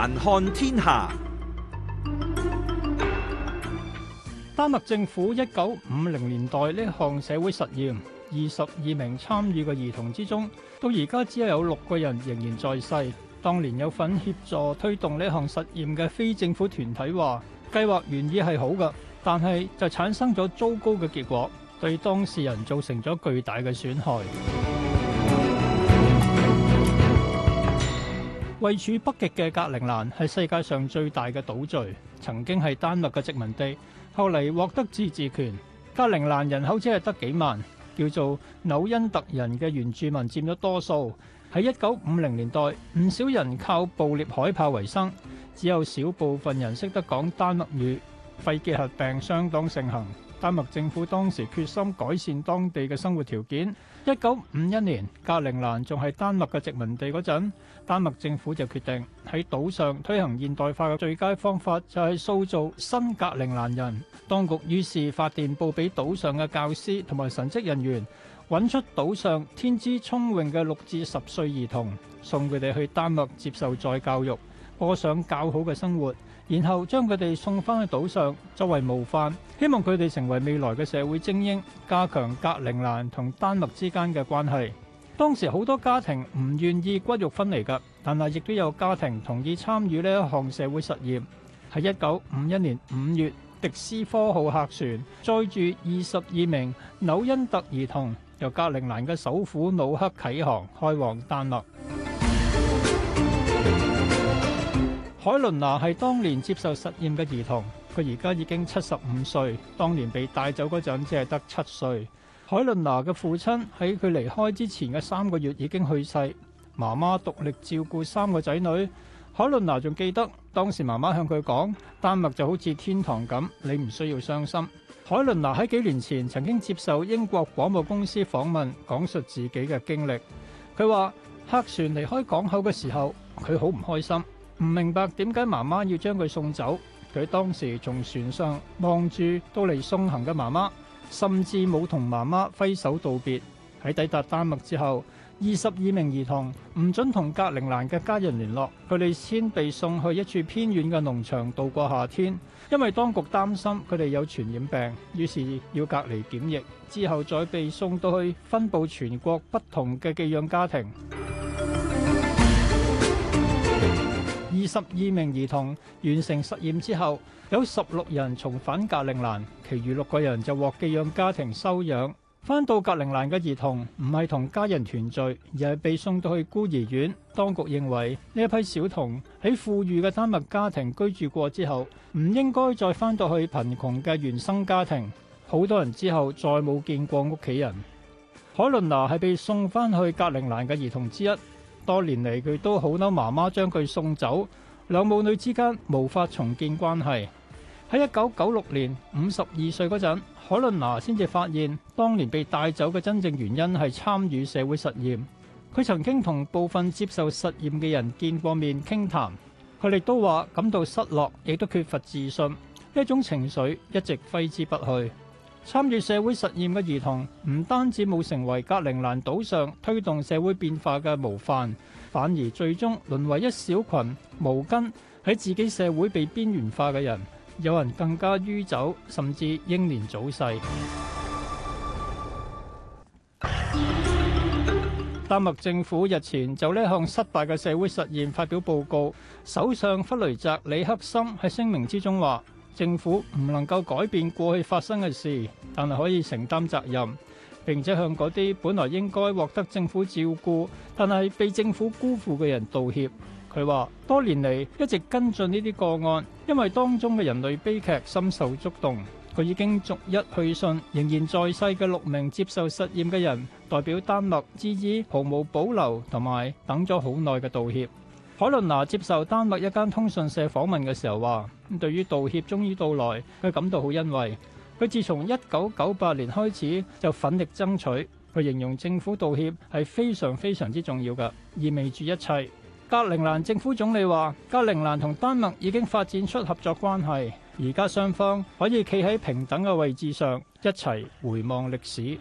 環看天下。丹麥政府一九五零年代呢項社會實驗，二十二名參與嘅兒童之中，到而家只係有六個人仍然在世。當年有份協助推動呢項實驗嘅非政府團體話，計劃原意係好嘅，但係就產生咗糟糕嘅結果，對當事人造成咗巨大嘅損害。位處北極嘅格陵蘭係世界上最大嘅島嶼，曾經係丹麥嘅殖民地，後嚟獲得自治權。格陵蘭人口只係得幾萬，叫做因紐特人嘅原住民佔咗多數。喺一九五零年代，唔少人靠捕獵海豹為生，只有少部分人識得講丹麥語，肺結核病相當盛行。丹麥政府當時決心改善當地嘅生活條件。一九五一年，格陵蘭仲係丹麥嘅殖民地嗰陣，丹麥政府就決定喺島上推行現代化嘅最佳方法，就係塑造新格陵蘭人。當局於是發電報俾島上嘅教師同埋神職人員，揾出島上天資聰穎嘅六至十歲兒童，送佢哋去丹麥接受再教育。過上較好嘅生活，然後將佢哋送返去島上作為模範，希望佢哋成為未來嘅社會精英，加強格陵蘭同丹麥之間嘅關係。當時好多家庭唔願意骨肉分離㗎，但係亦都有家庭同意參與呢一項社會實驗。喺一九五一年五月，迪斯科號客船載住二十二名因紐特兒童，由格陵蘭嘅首府努克啟航，開往丹麥。海倫娜係當年接受實驗嘅兒童，佢而家已經七十五歲。當年被帶走嗰陣只係得七歲。海倫娜嘅父親喺佢離開之前嘅三個月已經去世，媽媽獨力照顧三個仔女。海倫娜仲記得當時媽媽向佢講，丹麥就好似天堂咁，你唔需要傷心。海倫娜喺幾年前曾經接受英國廣播公司訪問，講述自己嘅經歷。佢話客船離開港口嘅時候，佢好唔開心。唔明白點解媽媽要將佢送走，佢當時從船上望住到嚟送行嘅媽媽，甚至冇同媽媽揮手道別。喺抵達丹麥之後，二十二名兒童唔准同格陵蘭嘅家人聯絡，佢哋先被送去一處偏遠嘅農場度過夏天，因為當局擔心佢哋有傳染病，於是要隔離檢疫，之後再被送到去分佈全國不同嘅寄養家庭。十二十二名兒童完成實驗之後，有十六人重返格陵蘭，其餘六個人就獲寄養家庭收養。返到格陵蘭嘅兒童唔係同家人團聚，而係被送到去孤兒院。當局認為呢一批小童喺富裕嘅丹麥家庭居住過之後，唔應該再返到去貧窮嘅原生家庭。好多人之後再冇見過屋企人。海倫娜係被送返去格陵蘭嘅兒童之一。多年嚟，佢都好嬲，媽媽將佢送走，兩母女之間無法重建關係。喺一九九六年五十二歲嗰陣，海倫娜先至發現當年被帶走嘅真正原因係參與社會實驗。佢曾經同部分接受實驗嘅人見過面傾談，佢哋都話感到失落，亦都缺乏自信，呢種情緒一直揮之不去。參與社會實驗嘅兒童唔單止冇成為格陵蘭島上推動社會變化嘅模範，反而最終淪為一小群無根、喺自己社會被邊緣化嘅人。有人更加酗酒，甚至英年早逝。丹麥政府日前就呢項失敗嘅社會實驗發表報告，首相弗雷澤李克森喺聲明之中話。政府唔能夠改變過去發生嘅事，但係可以承擔責任，並且向嗰啲本來應該獲得政府照顧但係被政府辜負嘅人道歉。佢話多年嚟一直跟進呢啲個案，因為當中嘅人類悲劇深受觸動。佢已經逐一去信，仍然在世嘅六名接受實驗嘅人，代表丹麥致以毫無保留同埋等咗好耐嘅道歉。海倫娜接受丹麥一間通訊社訪問嘅時候話，對於道歉終於到來，佢感到好欣慰。佢自從一九九八年開始就奮力爭取。佢形容政府道歉係非常非常之重要嘅，意味住一切。格陵蘭政府總理話，格陵蘭同丹麥已經發展出合作關係，而家雙方可以企喺平等嘅位置上，一齊回望歷史。